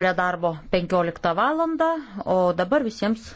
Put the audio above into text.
prie darbo 15 val. O dabar visiems